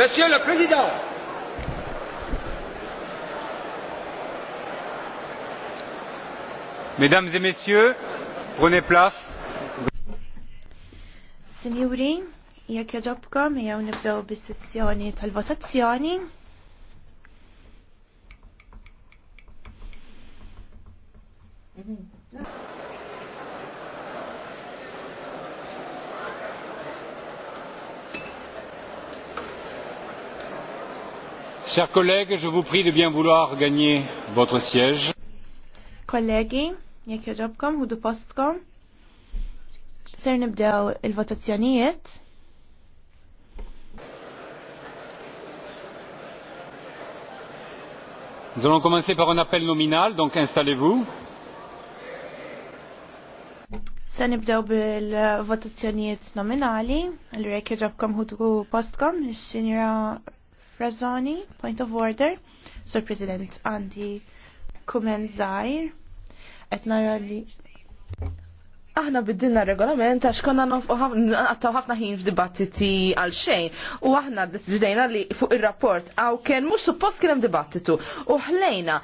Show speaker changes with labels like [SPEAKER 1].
[SPEAKER 1] Monsieur le Président,
[SPEAKER 2] Mesdames et Messieurs, prenez place.
[SPEAKER 3] Signori, jekk jaġobkom, jew nibdew bis-sessjoni tal-votazzjoni.
[SPEAKER 4] Mm-hmm.
[SPEAKER 5] Chers collègues, je vous prie de bien vouloir gagner votre siège.
[SPEAKER 3] Kollegi, jekk joġobkom, hudu postkom. Ser nibdew il-votazzjonijiet.
[SPEAKER 6] Nous allons commencer par un appel nominal, donc installez-vous.
[SPEAKER 3] Se nibdew bil-votazzjonijiet nominali, allura jekk joġobkom hudu postkom, il-sinjora Frazzoni, point of order. Sur President, għandi kumen zaħir. Et nara li aħna biddilna regolament għax konna għattaw ħafna ħin f'dibattiti għal xejn u aħna ġdejna li fuq ir rapport għaw kien mux suppost kien hemm dibattitu u ħlejna